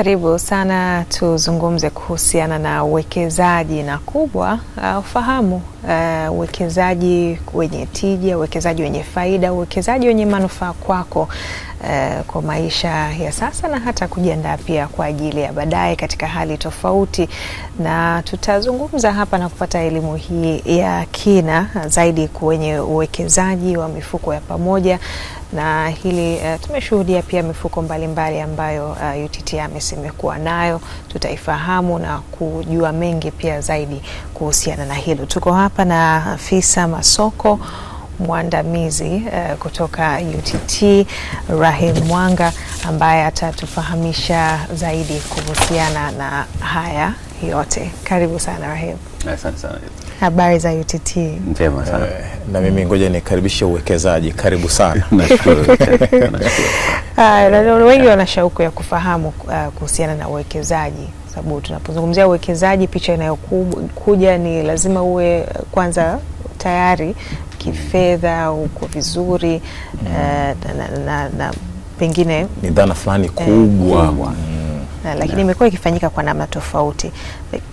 Karibu sana, tuzungumze kuhusiana na uwekezaji na kubwa uh, ufahamu uh, uwekezaji uh, wenye tija, uwekezaji wenye faida, uwekezaji wenye manufaa kwako Eh, kwa maisha ya sasa na hata kujiandaa pia kwa ajili ya baadaye katika hali tofauti, na tutazungumza hapa na kupata elimu hii ya kina zaidi kwenye uwekezaji wa mifuko ya pamoja na hili uh, tumeshuhudia pia mifuko mbalimbali mbali ambayo uh, eh, UTT AMIS imekuwa nayo. Tutaifahamu na kujua mengi pia zaidi kuhusiana na hilo. Tuko hapa na afisa masoko mwandamizi uh, kutoka UTT Rahim Mwanga ambaye atatufahamisha zaidi kuhusiana na haya yote. Karibu sana Rahim. Asante sana. Habari za UTT? Njema sana. Uh, na mimi ngoja nikaribishe uwekezaji. Karibu sana. Nashukuru. Wengi wana shauku ya kufahamu eh, kuhusiana na uwekezaji sababu tunapozungumzia uwekezaji, picha inayokuja ni lazima uwe kwanza tayari kifedha uko vizuri mm. uh, na, na, na pengine ni dhana fulani eh, kubwa, eh, Mm. Na, lakini imekuwa ikifanyika kwa namna tofauti.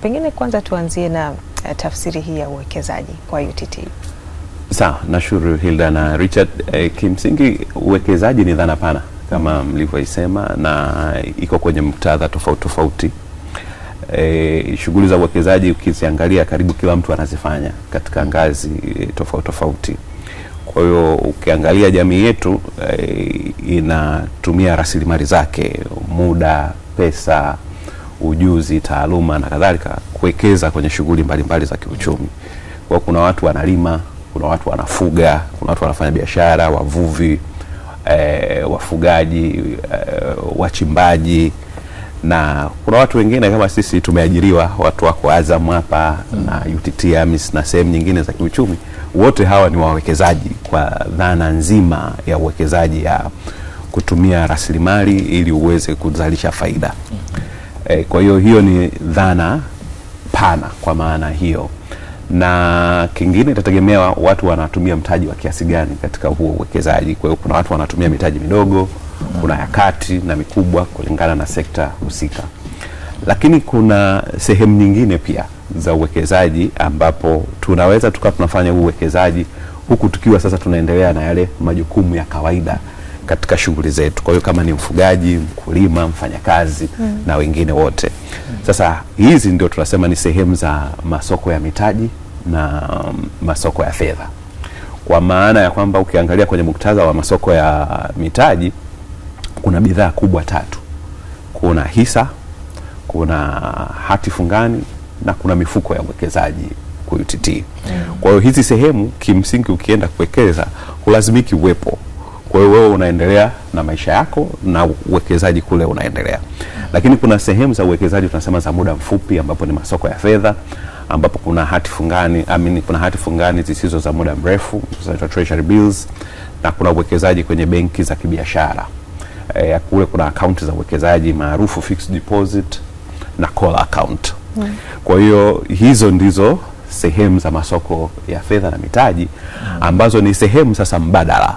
Pengine kwanza tuanzie na uh, tafsiri hii ya uwekezaji kwa UTT. Sawa, nashukuru Hilda na Richard. Eh, kimsingi uwekezaji ni dhana pana kama mlivyoisema na iko kwenye muktadha tofauti tofauti E, shughuli za uwekezaji ukiziangalia karibu kila mtu anazifanya katika ngazi e, tofauti tofauti. Kwa hiyo ukiangalia jamii yetu e, inatumia rasilimali zake, muda, pesa, ujuzi, taaluma na kadhalika kuwekeza kwenye shughuli mbalimbali za kiuchumi. Kwa kuna watu wanalima, kuna watu wanafuga, kuna watu wanafanya biashara, wavuvi, e, wafugaji, e, wachimbaji na kuna watu wengine kama sisi tumeajiriwa, watu wako Azam hapa mm. na UTT AMIS na sehemu nyingine za kiuchumi. Wote hawa ni wawekezaji kwa dhana nzima ya uwekezaji ya kutumia rasilimali ili uweze kuzalisha faida mm. E, kwa hiyo hiyo ni dhana pana kwa maana hiyo, na kingine itategemea watu wanatumia mtaji wa kiasi gani katika huo uwekezaji. Kwa hiyo kuna watu wanatumia mitaji midogo kuna ya kati na mikubwa kulingana na sekta husika, lakini kuna sehemu nyingine pia za uwekezaji ambapo tunaweza tukawa tunafanya uwekezaji huku tukiwa sasa tunaendelea na yale majukumu ya kawaida katika shughuli zetu. Kwa hiyo kama ni mfugaji, mkulima, mfanyakazi mm. na wengine wote Sasa hizi ndio tunasema ni sehemu za masoko ya mitaji na mm, masoko ya fedha, kwa maana ya kwamba ukiangalia kwenye muktadha wa masoko ya mitaji kuna bidhaa kubwa tatu: kuna hisa, kuna hati fungani na kuna mifuko ya uwekezaji kwa UTT. Mm. Kwa hiyo hizi sehemu kimsingi ukienda kuwekeza hulazimiki uwepo. Kwa hiyo wewe unaendelea na maisha yako na uwekezaji kule unaendelea. Mm. Lakini kuna sehemu za uwekezaji tunasema za muda mfupi ambapo ni masoko ya fedha ambapo kuna hati fungani, I mean, kuna hati fungani zisizo za muda mrefu zinaitwa treasury bills na kuna uwekezaji kwenye benki za kibiashara. mm eh, kule kuna akaunti za uwekezaji maarufu fixed deposit na call account mm. Kwa hiyo hizo ndizo sehemu za masoko ya fedha na mitaji ambazo ni sehemu sasa mbadala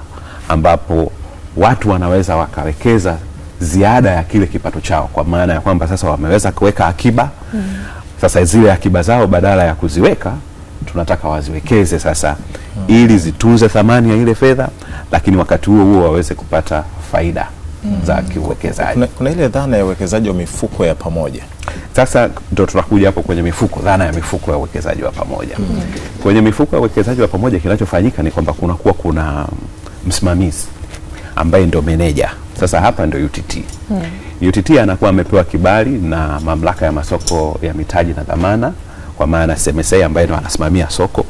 ambapo watu wanaweza wakawekeza ziada ya kile kipato chao, kwa maana ya kwamba sasa wameweza kuweka akiba mm. Sasa zile akiba zao badala ya kuziweka tunataka waziwekeze sasa mm. ili zitunze thamani ya ile fedha, lakini wakati huo huo waweze kupata faida mm. za kiuwekezaji. Kuna, kuna ile dhana ya uwekezaji wa mifuko ya pamoja. Sasa ndio tunakuja hapo kwenye mifuko, dhana ya mifuko ya uwekezaji wa pamoja mm. kwenye mifuko ya uwekezaji wa pamoja kinachofanyika ni kwamba kunakuwa kuna msimamizi ambaye ndio meneja. Sasa hapa ndio UTT mm. UTT anakuwa amepewa kibali na mamlaka ya masoko ya mitaji na dhamana kwa maana SMSA ambaye ndio anasimamia soko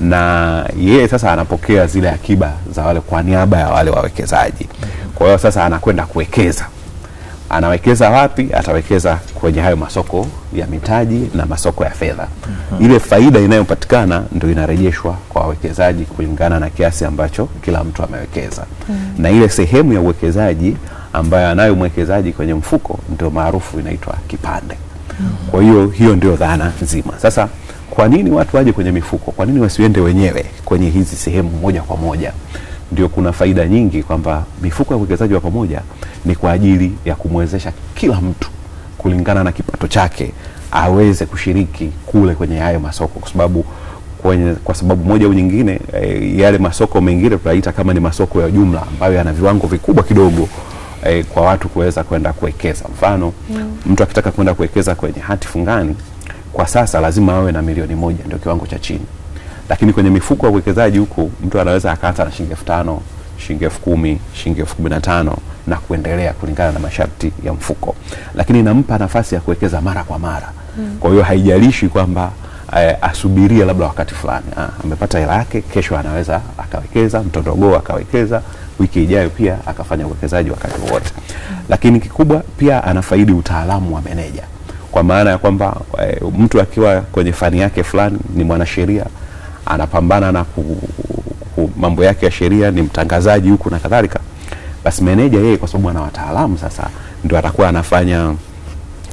na yeye sasa anapokea zile akiba za wale kwa niaba ya wale wawekezaji mm. Kwa hiyo sasa anakwenda kuwekeza. Anawekeza wapi? Atawekeza kwenye hayo masoko ya mitaji na masoko ya fedha. Mhm. Ile faida inayopatikana ndo inarejeshwa kwa wawekezaji kulingana na kiasi ambacho kila mtu amewekeza. mm -hmm. Na ile sehemu ya uwekezaji ambayo anayo mwekezaji kwenye mfuko ndio maarufu inaitwa kipande. mm -hmm. Kwa hiyo hiyo ndio dhana nzima. Sasa kwa nini watu waje kwenye mifuko? Kwa nini wasiende wenyewe kwenye hizi sehemu moja kwa moja? ndio kuna faida nyingi kwamba mifuko ya uwekezaji wa pamoja ni kwa ajili ya kumwezesha kila mtu kulingana na kipato chake aweze kushiriki kule kwenye hayo masoko kwa sababu kwenye, kwa sababu moja au nyingine e, yale masoko mengine tunaita kama ni masoko ya jumla ambayo yana viwango vikubwa kidogo e, kwa watu kuweza kwenda kuwekeza. Mfano mm. mtu akitaka kwenda kuwekeza kwenye hati fungani kwa sasa lazima awe na milioni moja ndio kiwango cha chini lakini kwenye mifuko ya uwekezaji huko mtu anaweza akaanza na shilingi elfu tano shilingi elfu kumi shilingi elfu kumi na tano na kuendelea kulingana na masharti ya mfuko, lakini inampa nafasi ya kuwekeza mara kwa mara mm. Kwa hiyo haijalishi kwamba eh, asubirie labda wakati fulani ah, amepata hela yake, kesho anaweza akawekeza mtondogoo, akawekeza wiki ijayo pia akafanya uwekezaji wakati wowote mm. Lakini kikubwa pia anafaidi utaalamu wa meneja, kwa maana ya kwamba eh, mtu akiwa kwenye fani yake fulani ni mwanasheria anapambana na ku, ku, ku, mambo yake ya sheria, ni mtangazaji huku na kadhalika, basi meneja yeye kwa sababu ana wataalamu sasa, ndio atakuwa anafanya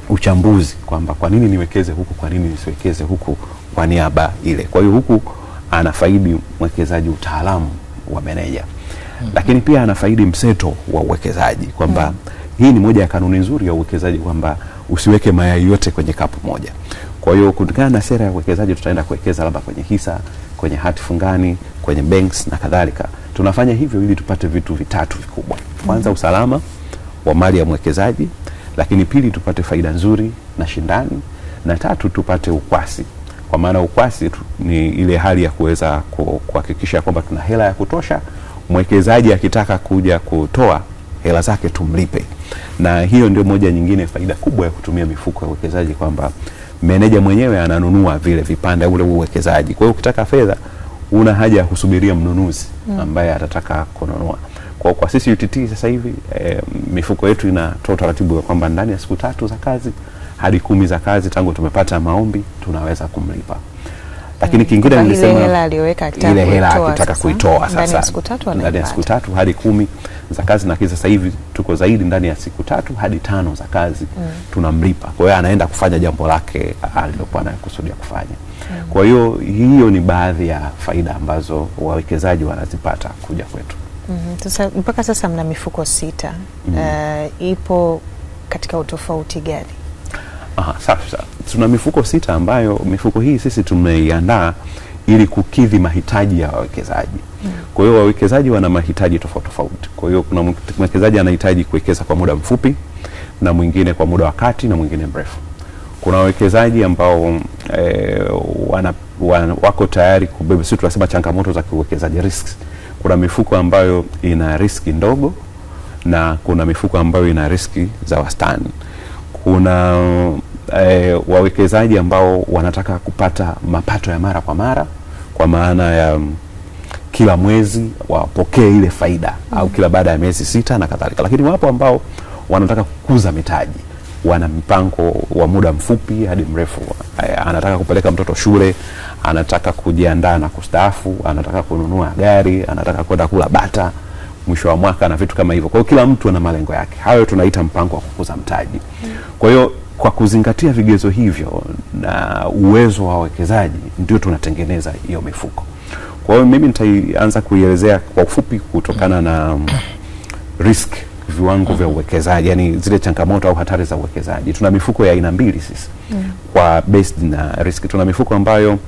uchambuzi kwamba kwa nini niwekeze huku, kwa nini nisiwekeze huku kwa niaba ile. Kwa hiyo huku anafaidi mwekezaji utaalamu wa meneja mm -hmm. Lakini pia anafaidi mseto wa uwekezaji kwamba mm -hmm. Hii ni moja ya kanuni nzuri ya uwekezaji kwamba usiweke mayai yote kwenye kapu moja. Kwa hiyo kutokana na sera ya uwekezaji tutaenda kuwekeza labda kwenye hisa kwenye hati fungani, kwenye banks na kadhalika. Tunafanya hivyo ili tupate vitu vitatu vikubwa: kwanza, usalama wa mali ya mwekezaji, lakini pili, tupate faida nzuri na shindani, na tatu, tupate ukwasi. Kwa maana ukwasi ni ile hali ya kuweza kuhakikisha kwamba tuna hela ya kutosha, mwekezaji akitaka kuja kutoa hela zake tumlipe. Na hiyo ndio moja nyingine faida kubwa ya kutumia mifuko ya uwekezaji kwamba meneja mwenyewe ananunua vile vipande, ule uwekezaji. Kwa hiyo ukitaka fedha una haja ya kusubiria mnunuzi hmm. ambaye atataka kununua. Kwa, kwa sisi UTT sasa hivi e, mifuko yetu inatoa utaratibu wa kwamba ndani ya siku tatu za kazi hadi kumi za kazi tangu tumepata maombi tunaweza kumlipa lakini kingine nilisema ile hela akitaka kuitoa sasa ndani ya siku tatu hadi kumi za kazi, na sasa hivi tuko zaidi ndani ya siku tatu hadi tano za kazi mm. tunamlipa. Kwa hiyo anaenda kufanya jambo lake alilokuwa anakusudia kufanya mm. kwa hiyo hiyo ni baadhi ya faida ambazo wawekezaji wanazipata kuja kwetu mm -hmm. mpaka sasa mna mifuko sita mm uh, ipo katika utofauti gani? Aha, sana. tuna mifuko sita ambayo mifuko hii sisi tumeiandaa ili kukidhi mahitaji ya wawekezaji. Kwa hiyo wawekezaji wana mahitaji tofauti tofauti. Kwa hiyo kuna mwekezaji anahitaji kuwekeza kwa muda mfupi na mwingine kwa muda wa kati na mwingine mrefu. Kuna wawekezaji ambao e, wana, wana, wako tayari kubeba, sisi tunasema changamoto za kiuwekezaji risks. Kuna mifuko ambayo ina riski ndogo na kuna mifuko ambayo ina riski za wastani. Kuna eh, wawekezaji ambao wanataka kupata mapato ya mara kwa mara kwa maana ya mm, kila mwezi wapokee ile faida mm. au kila baada ya miezi sita na kadhalika, lakini wapo ambao wanataka kukuza mitaji, wana mpango wa muda mfupi hadi mrefu. Eh, anataka kupeleka mtoto shule, anataka kujiandaa na kustaafu, anataka kununua gari, anataka kwenda kula bata mwisho wa mwaka na vitu kama hivyo. Kwa hiyo kila mtu ana malengo yake, hayo tunaita mpango wa kukuza mtaji. Kwa hiyo kwa kuzingatia vigezo hivyo na uwezo wa wawekezaji, ndio tunatengeneza hiyo mifuko. Kwa hiyo mimi nitaanza kuielezea kwa ufupi kutokana na um, risk, viwango vya uwekezaji, yani zile changamoto au hatari za uwekezaji. Tuna mifuko ya aina mbili sisi, Kwa based na risk, tuna mifuko ambayo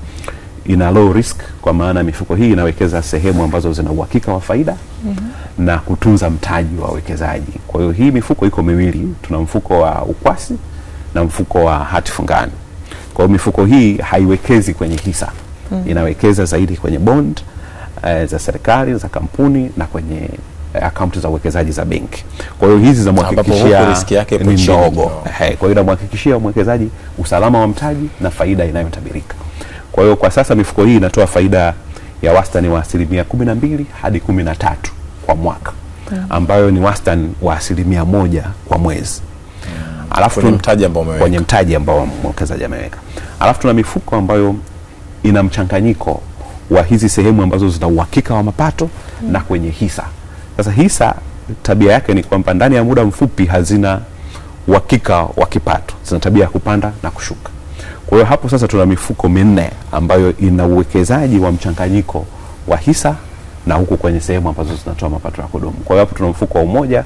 ina low risk, kwa maana mifuko hii inawekeza sehemu ambazo zina uhakika wa faida mm -hmm. na kutunza mtaji wa wawekezaji. Kwa hiyo hii mifuko iko miwili, tuna mfuko wa ukwasi na mfuko wa hati fungani. Kwa hiyo mifuko hii haiwekezi kwenye hisa mm. inawekeza zaidi kwenye bond e, za serikali za kampuni na kwenye eh, akaunti za uwekezaji za benki. Kwa hiyo hizi za riski yake ni ndogo, eh, kwa hiyo inamhakikishia mwekezaji usalama wa mtaji na faida inayotabirika. Kwa hiyo kwa sasa mifuko hii inatoa faida ya wastani wa asilimia kumi na mbili hadi kumi na tatu kwa mwaka hmm. ambayo ni wastani wa asilimia moja kwa mwezi. Hmm alafu kwenye mtaji ambao umeweka, kwenye mtaji ambao mwekezaji ameweka. Alafu tuna mifuko ambayo ina mchanganyiko wa hizi sehemu ambazo zina uhakika wa mapato mm. na kwenye hisa. Sasa hisa tabia yake ni kwamba ndani ya muda mfupi hazina uhakika wa kipato, zina tabia ya kupanda na kushuka. Kwa hiyo hapo sasa tuna mifuko minne ambayo ina uwekezaji wa mchanganyiko wa hisa na huku kwenye sehemu ambazo zinatoa mapato ya kudumu. Kwa hiyo hapo tuna mfuko wa Umoja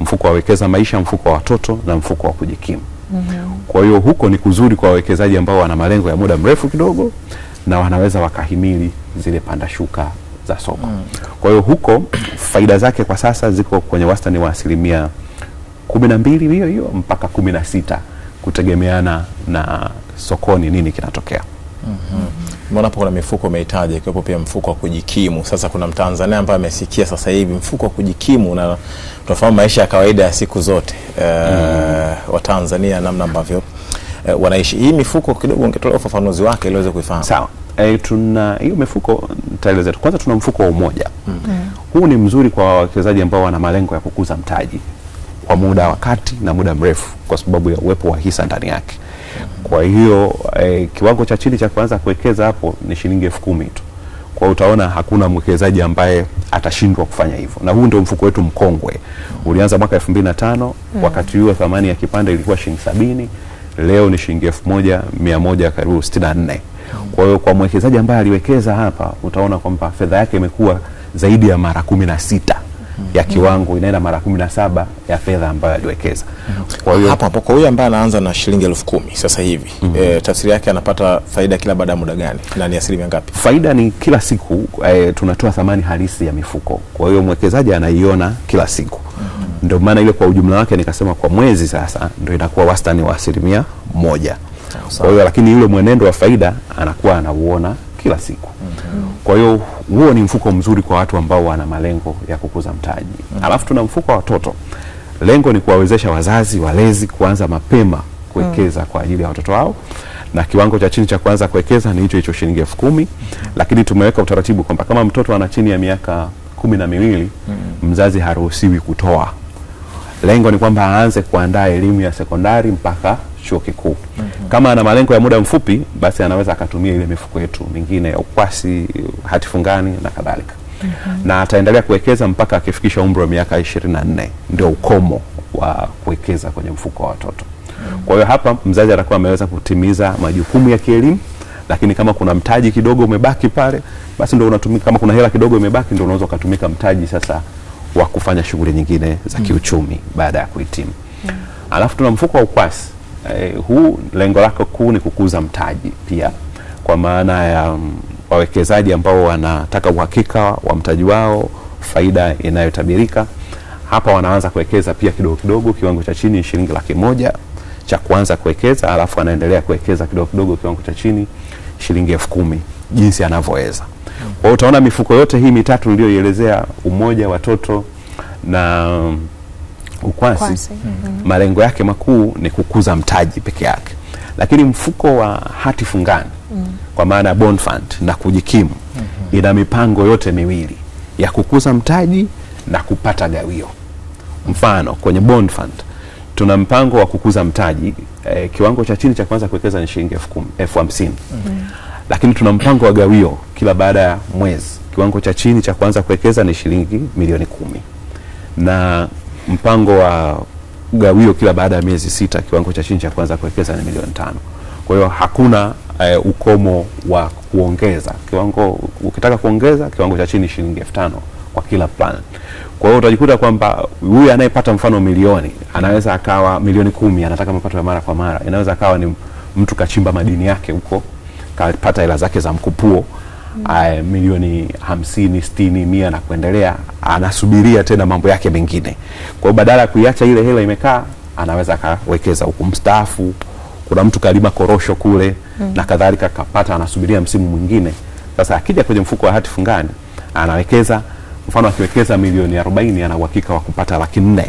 mfuko wa wekeza maisha, mfuko wa watoto na mfuko wa kujikimu. Mm -hmm. Kwa hiyo huko ni kuzuri kwa wawekezaji ambao wana malengo ya muda mrefu kidogo na wanaweza wakahimili zile panda shuka za soko. Mm. Kwa hiyo huko faida zake kwa sasa ziko kwenye wastani wa asilimia kumi na mbili hiyo hiyo mpaka kumi na sita kutegemeana na sokoni nini kinatokea. Mhm. Mbona hapo kuna mifuko umeitaja, ikiwepo pia mfuko wa kujikimu. Sasa kuna Mtanzania ambaye amesikia sasa hivi mfuko wa kujikimu, na tunafahamu maisha ya kawaida ya siku zote e, mm. Watanzania namna ambavyo e, wanaishi. Hii mifuko kidogo ungetolea ufafanuzi wake ili uweze kuifahamu. Sawa. E, tuna hiyo mifuko nitaelezea. Kwanza tuna mfuko wa umoja mm. mm. Huu ni mzuri kwa wawekezaji ambao wana malengo ya kukuza mtaji kwa muda wa kati na muda mrefu kwa sababu ya uwepo wa hisa ndani yake. Kwa hiyo eh, kiwango cha chini cha kuanza kuwekeza hapo ni shilingi elfu kumi tu. Kwa hiyo utaona hakuna mwekezaji ambaye atashindwa kufanya hivyo, na huu ndio mfuko wetu mkongwe ulianza mwaka 2005 mm. Wakati huo thamani ya kipande ilikuwa shilingi sabini, leo ni shilingi elfu moja mia moja karibu sitini na nne. Kwa hiyo kwa mwekezaji ambaye aliwekeza hapa utaona kwamba fedha yake imekuwa zaidi ya mara kumi na sita ya kiwango inaenda mara kumi na saba ya fedha ambayo aliwekeza. Kwa hiyo hapo hapo, kwa huyo ambaye anaanza na shilingi elfu kumi sasa hivi mm -hmm. e, tafsiri yake anapata faida kila baada ya muda gani na ni asilimia ngapi? Faida ni kila siku e, tunatoa thamani halisi ya mifuko, kwa hiyo mwekezaji anaiona kila siku mhm. ndio maana ile kwa ujumla wake nikasema kwa mwezi sasa ndio inakuwa wastani wa asilimia moja. Kwa hiyo lakini yule mwenendo wa faida anakuwa anauona kila siku. Kwa hiyo huo ni mfuko mzuri kwa watu ambao wana malengo ya kukuza mtaji. Alafu tuna mfuko wa watoto, lengo ni kuwawezesha wazazi walezi kuanza mapema kuwekeza kwa ajili ya watoto wao na kiwango cha chini cha kuanza kuwekeza ni hicho hicho shilingi elfu kumi lakini tumeweka utaratibu kwamba kama mtoto ana chini ya miaka kumi na miwili mzazi haruhusiwi kutoa. Lengo ni kwamba aanze kuandaa elimu ya sekondari mpaka chuo kikuu. mm -hmm. Kama ana malengo ya muda mfupi, basi anaweza akatumia ile mifuko yetu mingine ya ukwasi, hati fungani na kadhalika. Mm -hmm. Na ataendelea kuwekeza mpaka akifikisha umri wa miaka ishirini na nne ndio ukomo wa kuwekeza kwenye mfuko wa watoto. Mm -hmm. Kwa hiyo hapa mzazi atakuwa ameweza kutimiza majukumu ya kielimu, lakini kama kuna mtaji kidogo umebaki pale, basi ndio unatumika. Kama kuna hela kidogo imebaki, ndio unaweza ukatumika mtaji sasa wa kufanya shughuli nyingine za mhm. kiuchumi baada ya kuhitimu. Mm Alafu tuna mfuko wa ukwasi eh, huu lengo lako kuu ni kukuza mtaji pia, kwa maana ya um, wawekezaji ambao wanataka uhakika wa mtaji wao, faida inayotabirika. Hapa wanaanza kuwekeza pia kidogo kidogo, kiwango cha chini shilingi laki moja cha kuanza kuwekeza, alafu anaendelea kuwekeza kidogo kidogo, kiwango cha chini shilingi elfu kumi jinsi anavyoweza. Kwa utaona mifuko yote hii mitatu niliyoielezea, Umoja, Watoto na mm, ukwasi, ukwasi. Mm -hmm. Malengo yake makuu ni kukuza mtaji peke yake, lakini mfuko wa hati fungani mm -hmm. kwa maana bond fund na kujikimu mm -hmm. ina mipango yote miwili ya kukuza mtaji na kupata gawio. Mfano, kwenye bond fund tuna mpango wa kukuza mtaji eh, kiwango cha chini cha kwanza kuwekeza ni shilingi elfu hamsini mm -hmm. lakini tuna mpango wa gawio kila baada ya mwezi. Kiwango cha chini cha kwanza kuwekeza ni shilingi milioni kumi na mpango wa gawio kila baada ya miezi sita, kiwango cha chini cha kwanza kuwekeza ni milioni tano. Kwa hiyo hakuna e, ukomo wa kuongeza kiwango. Ukitaka kuongeza kiwango cha chini shilingi elfu tano kwa kila plan. Kwa hiyo utajikuta kwamba huyu anayepata mfano milioni anaweza akawa milioni kumi anataka mapato ya mara kwa mara, inaweza akawa ni mtu kachimba madini yake huko, kapata hela zake za mkupuo mm. milioni hamsini, sitini, mia na kuendelea, anasubiria tena mambo yake mengine. Kwa hiyo badala ya kuiacha ile hela imekaa, anaweza akawekeza huku, mstaafu, kuna mtu kalima korosho kule mm. na kadhalika, kapata, anasubiria msimu mwingine. Sasa akija kwenye mfuko wa hati fungani anawekeza, mfano akiwekeza milioni 40 ana uhakika wa kupata laki nne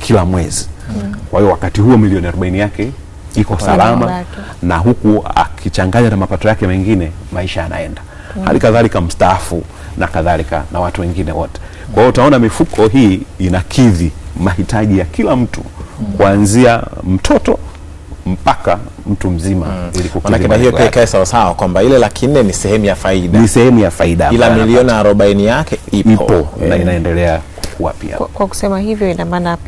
kila mwezi mm. kwa hiyo wakati huo milioni 40 yake iko salama, na huku akichanganya na mapato yake mengine, maisha yanaenda. mm mm. hali kadhalika mstaafu na kadhalika na watu wengine wote. Kwa hiyo utaona mifuko hii inakidhi mahitaji ya kila mtu kuanzia mtoto mpaka mtu mzima mm. ili Hiyo pia ikae sawa sawa kwamba ile laki nne ni sehemu ya faida, ni sehemu ya faida, ila milioni arobaini yake ipo, ipo yeah. na eh. inaendelea kufufua pia. Kwa, kwa kusema hivyo ina maana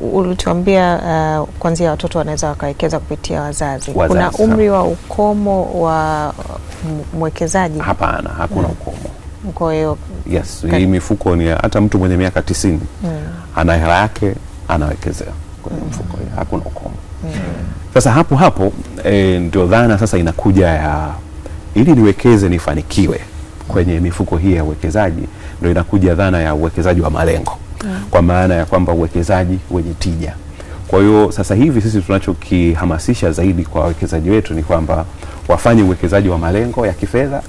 uh, ulituambia uh, kwanza watoto wanaweza wakawekeza kupitia wazazi, wazazi. Kuna umri wa ukomo wa mm, mwekezaji? Hapana, hakuna mm. ukomo kwa hiyo yes, hii mifuko ni hata mtu mwenye miaka tisini mm. ana hela yake anawekezea kwenye mm. mfuko, hakuna ukomo mm. Sasa hapo hapo e, ndio dhana sasa inakuja ya ili niwekeze nifanikiwe kwenye mifuko hii ya uwekezaji, ndio inakuja dhana ya uwekezaji wa malengo yeah. Mm. kwa maana ya kwamba uwekezaji wenye tija. Kwa hiyo sasa hivi sisi tunachokihamasisha zaidi kwa wawekezaji wetu ni kwamba wafanye uwekezaji wa malengo ya kifedha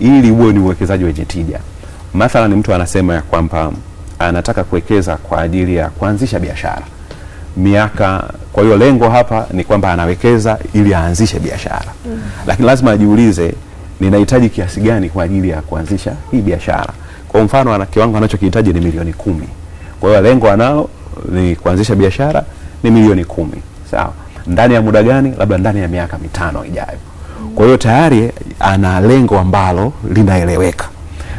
ili huo ni uwekezaji wenye tija. Mathalan, mtu anasema ya kwamba anataka kuwekeza kwa ajili ya kuanzisha biashara miaka. Kwa hiyo lengo hapa ni kwamba anawekeza ili aanzishe biashara mm. Lakini lazima ajiulize ninahitaji kiasi gani kwa ajili ya kuanzisha hii biashara. Kwa mfano ana kiwango anachokihitaji ni milioni kumi. Kwa hiyo lengo analo ni kuanzisha biashara ni milioni kumi, sawa. Ndani ya muda gani? Labda ndani ya miaka mitano ijayo. Kwa hiyo tayari ana lengo ambalo linaeleweka.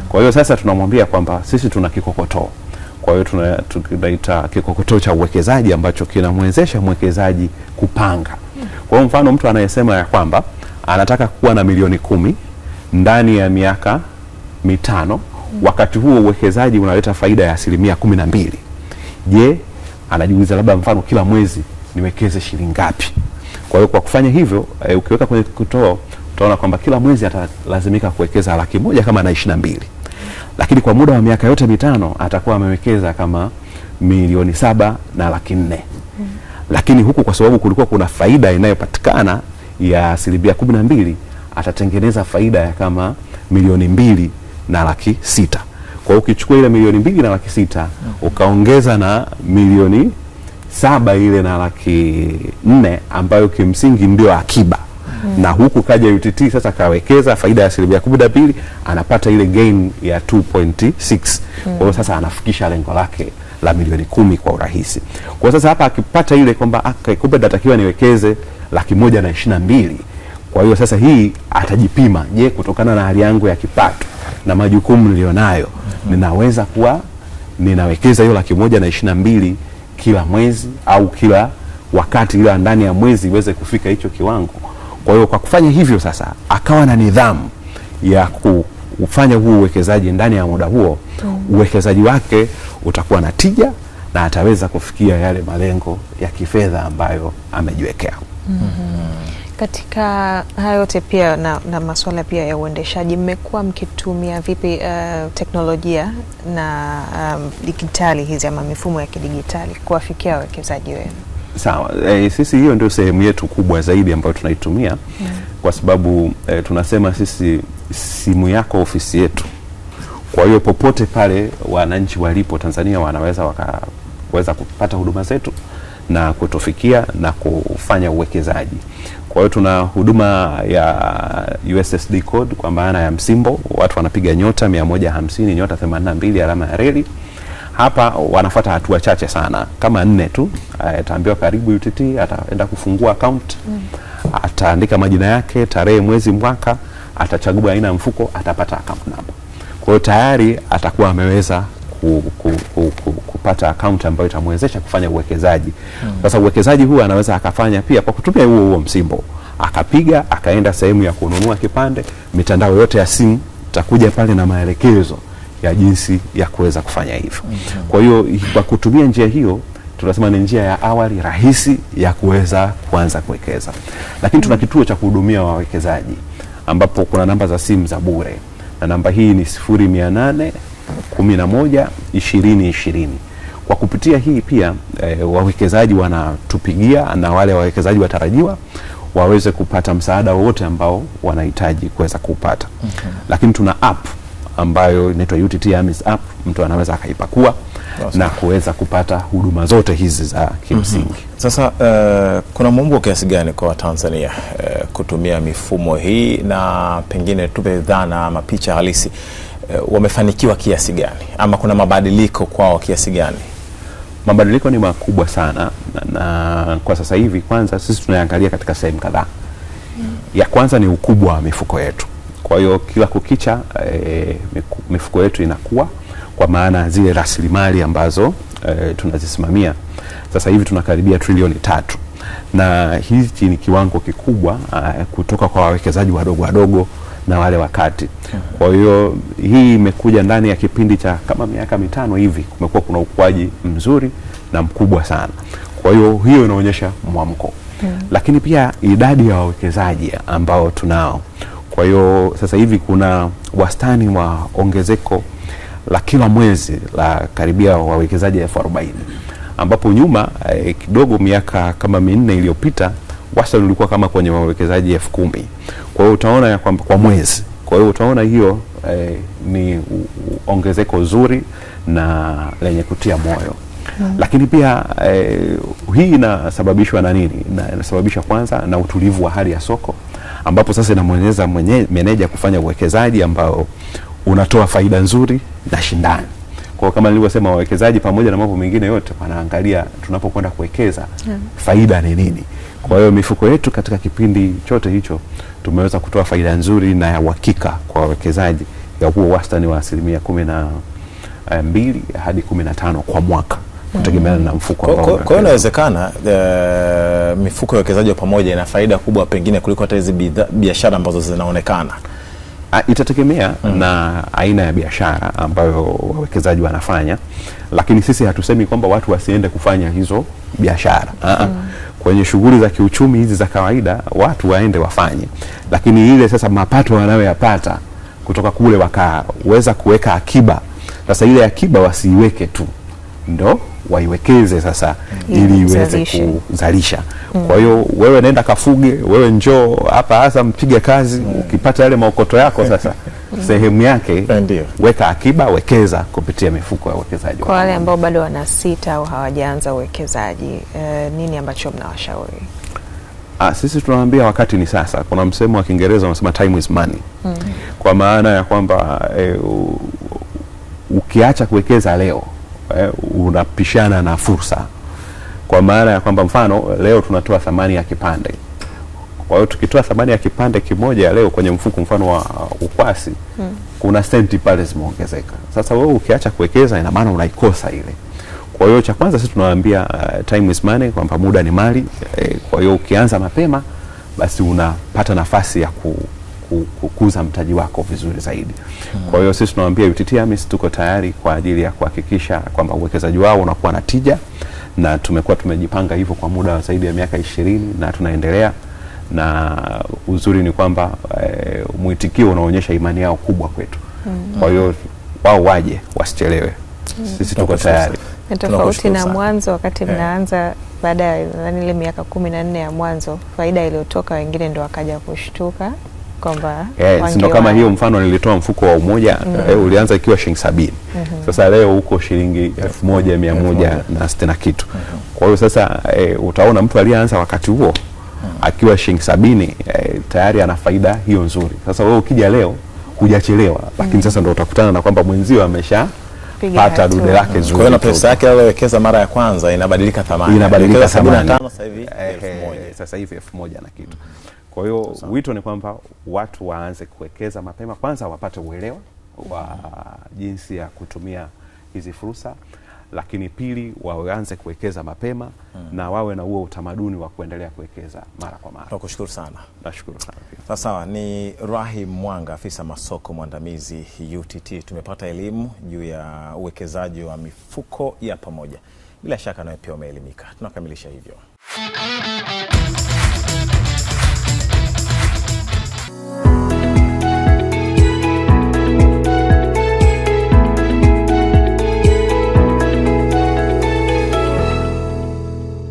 Kwa hiyo sasa tunamwambia kwamba sisi tuna kikokotoo. Kwa hiyo tunaita kikokotoo cha uwekezaji ambacho kinamwezesha mwekezaji kupanga. Kwa hiyo mfano mtu anayesema ya kwamba anataka kuwa na milioni kumi ndani ya miaka mitano, wakati huo uwekezaji unaleta faida ya asilimia kumi na mbili. Je, anajiuliza labda mfano kila mwezi niwekeze shilingi ngapi? Kwa hiyo kwa kufanya hivyo e, ukiweka kwenye kitoo utaona kwamba kila mwezi atalazimika kuwekeza laki moja kama na ishirini na mbili, lakini kwa muda wa miaka yote mitano atakuwa amewekeza kama milioni saba na laki nne. Lakini huku kwa sababu kulikuwa kuna faida inayopatikana ya asilimia kumi na mbili atatengeneza faida ya kama milioni mbili na laki sita. Kwa hiyo ukichukua ile milioni mbili na laki sita ukaongeza na milioni saba ile na laki nne ambayo kimsingi ndio akiba Hmm. Na huku kaja UTT sasa kawekeza faida ya asilimia kumi na mbili anapata ile gain ya 2.6. Kwa hiyo hmm. Sasa anafikisha lengo lake la milioni kumi kwa urahisi. Kwa sasa hapa akipata ile kwamba ah, kumbe natakiwa niwekeze laki moja na ishirini na mbili kwa hiyo sasa hii atajipima, je, kutokana na hali yangu ya kipato na majukumu nilionayo ninaweza kuwa ninawekeza hiyo laki moja na ishirini na mbili kila mwezi au kila wakati ila ndani ya mwezi iweze kufika hicho kiwango. Kwa hiyo kwa kufanya hivyo sasa akawa na nidhamu ya kufanya huu uwekezaji ndani ya muda huo, mm. uwekezaji wake utakuwa na tija na ataweza kufikia yale malengo ya kifedha ambayo amejiwekea. mm -hmm. Katika haya yote pia na, na masuala pia ya uendeshaji, mmekuwa mkitumia vipi uh, teknolojia na um, digitali hizi ama mifumo ya kidigitali kuwafikia wawekezaji wenu? Sawa. E, sisi hiyo ndio sehemu yetu kubwa zaidi ambayo tunaitumia yeah. Mm. Kwa sababu e, tunasema sisi simu yako ofisi yetu. Kwa hiyo popote pale wananchi walipo Tanzania wanaweza wakaweza kupata huduma zetu na kutofikia na kufanya uwekezaji. Kwa hiyo tuna huduma ya USSD code kwa maana ya msimbo, watu wanapiga nyota 150 nyota 82 alama ya reli. Hapa wanafuata hatua chache sana kama nne tu. Ataambiwa karibu UTT, ataenda kufungua account, ataandika majina yake, tarehe, mwezi, mwaka, atachagua aina ya mfuko, atapata account number. Kwa hiyo tayari atakuwa ameweza ku, ku, ku, ku, kupata akaunti ambayo itamwezesha kufanya uwekezaji sasa. Hmm. Uwekezaji huu anaweza akafanya pia kwa kutumia huo huo msimbo, akapiga akaenda sehemu ya kununua kipande. Mitandao yote ya simu takuja pale na maelekezo ya jinsi ya kuweza kufanya hivyo. Hmm. Kwa hiyo kwa kutumia njia hiyo tunasema ni njia ya awali rahisi ya kuweza kuanza kuwekeza, lakini tuna kituo cha kuhudumia wawekezaji ambapo kuna namba za simu za bure na namba hii ni sifuri mia nane 11 ishirini ishirini Kwa kupitia hii pia e, wawekezaji wanatupigia na wale wawekezaji watarajiwa waweze kupata msaada wowote ambao wanahitaji kuweza kuupata. Okay. Lakini tuna app ambayo inaitwa UTT AMIS app, mtu anaweza akaipakua awesome, na kuweza kupata huduma zote hizi za kimsingi. mm -hmm. Sasa uh, kuna mumbu wa kiasi gani kwa Watanzania uh, eh, kutumia mifumo hii na pengine tupe dhana ama picha halisi Eh, wamefanikiwa kiasi gani ama kuna mabadiliko kwao kiasi gani? Mabadiliko ni makubwa sana na, na kwa sasa hivi kwanza sisi tunaangalia katika sehemu kadhaa mm. Ya kwanza ni ukubwa wa mifuko yetu, kwa hiyo kila kukicha e, mifuko yetu inakuwa kwa maana zile rasilimali ambazo e, tunazisimamia sasa hivi tunakaribia trilioni tatu na hichi ni kiwango kikubwa a, kutoka kwa wawekezaji wadogo wadogo na wale wakati. Kwa hiyo hii imekuja ndani ya kipindi cha kama miaka mitano hivi, kumekuwa kuna ukuaji mzuri na mkubwa sana. Kwa hiyo hiyo inaonyesha mwamko hmm. Lakini pia idadi ya wawekezaji ambao tunao, kwa hiyo sasa hivi kuna wastani wa ongezeko la kila mwezi la karibia wawekezaji elfu arobaini ambapo nyuma eh, kidogo miaka kama minne iliyopita wastani ulikuwa kama kwenye wawekezaji elfu kumi kwa hiyo utaona kwa, kwa mwezi. Kwa hiyo utaona hiyo eh, ni ongezeko zuri na lenye kutia moyo. Hmm. Lakini pia eh, hii inasababishwa na nini? Inasababishwa kwanza na utulivu wa hali ya soko ambapo sasa inamweleza meneja kufanya uwekezaji ambao unatoa faida nzuri na shindani. Kwa kama nilivyosema, wawekezaji pamoja na mambo mengine yote wanaangalia tunapokwenda kuwekeza, hmm, faida ni nini? Kwa hiyo mifuko yetu katika kipindi chote hicho tumeweza kutoa faida nzuri na ya uhakika kwa wawekezaji ya huo wastani wa asilimia kumi na eh, mbili hadi kumi na tano kwa mwaka kutegemeana na mfuko ambao. Kwa hiyo inawezekana uh, mifuko ya uwekezaji wa pamoja ina faida kubwa pengine kuliko hata hizi biashara ambazo zinaonekana. Ah, itategemea mm. na aina ya biashara ambayo wawekezaji wanafanya, lakini sisi hatusemi kwamba watu wasiende kufanya hizo biashara mm. Ah, ah kwenye shughuli za kiuchumi hizi za kawaida watu waende wafanye, lakini ile sasa mapato wanayoyapata kutoka kule wakaweza kuweka akiba. Sasa ile akiba wasiiweke tu, ndo waiwekeze sasa ili iweze kuzalisha. Mm. Kwa hiyo wewe nenda kafuge, wewe njoo hapa hasa mpige kazi, ukipata yale maokoto yako sasa sehemu yake Ndiyo. Weka akiba, wekeza kupitia mifuko ya uwekezaji. Kwa wale ambao bado wanasita au hawajaanza uwekezaji e, nini ambacho mnawashauri? Ah, sisi tunawaambia wakati ni sasa. Kuna msemo wa Kiingereza unasema time is money mm. Kwa maana ya kwamba e, ukiacha kuwekeza leo e, unapishana na fursa, kwa maana ya kwamba mfano leo tunatoa thamani ya kipande kwa hiyo tukitoa thamani ya kipande kimoja leo kwenye mfuko mfano wa uh, ukwasi hmm. kuna senti pale zimeongezeka. Sasa wewe ukiacha kuwekeza, ina maana unaikosa ile. Kwa hiyo cha kwanza sisi tunawaambia uh, time is money, kwamba muda ni mali. E, kwa hiyo ukianza mapema basi unapata nafasi ya ku, kukuza mtaji wako vizuri zaidi hmm. Kwa hiyo sisi tunawaambia UTT AMIS tuko tayari kwa ajili ya kuhakikisha kwamba uwekezaji wao unakuwa na tija, na tumekuwa tumejipanga hivyo kwa muda wa zaidi ya miaka ishirini na tunaendelea na uzuri ni kwamba eh, mwitikio unaonyesha imani yao kubwa kwetu mm. Kwa hiyo wao waje wasichelewe mm. Sisi tuko tayari. tofauti na mwanzo wakati yeah. Mnaanza baada ya ile miaka kumi na nne ya mwanzo, faida iliyotoka wengine ndo wakaja kushtuka kwamba yeah, ndio kama hiyo mfano nilitoa mfuko wa umoja mm. Eh, ulianza ikiwa shilingi sabini mm -hmm. Sasa leo huko shilingi elfu moja mia moja na sitini na kitu mm -hmm. Kwa hiyo sasa eh, utaona mtu aliyeanza wakati huo hmm. akiwa shilingi sabini eh, tayari ana faida hiyo nzuri. Sasa wewe ukija leo hujachelewa, lakini hmm. sasa ndo utakutana na kwamba mwenzio amesha pata dude lake nzuri. Kwa hiyo na pesa yake aliyowekeza mara ya kwanza inabadilika thamani. Inabadilika thamani. Sasa hivi 1000. Sasa hivi 1000 na kitu. Kwa hiyo wito ni kwamba watu waanze kuwekeza mapema, kwanza wapate uelewa wa jinsi ya kutumia hizi fursa lakini pili waanze kuwekeza mapema hmm. na wawe na huo utamaduni wa kuendelea kuwekeza mara kwa mara. Nakushukuru sana. Nashukuru sana Sawa, ni Rahim Mwanga, afisa masoko mwandamizi UTT. Tumepata elimu juu ya uwekezaji wa mifuko ya pamoja, bila shaka nawe pia umeelimika. Tunakamilisha hivyo.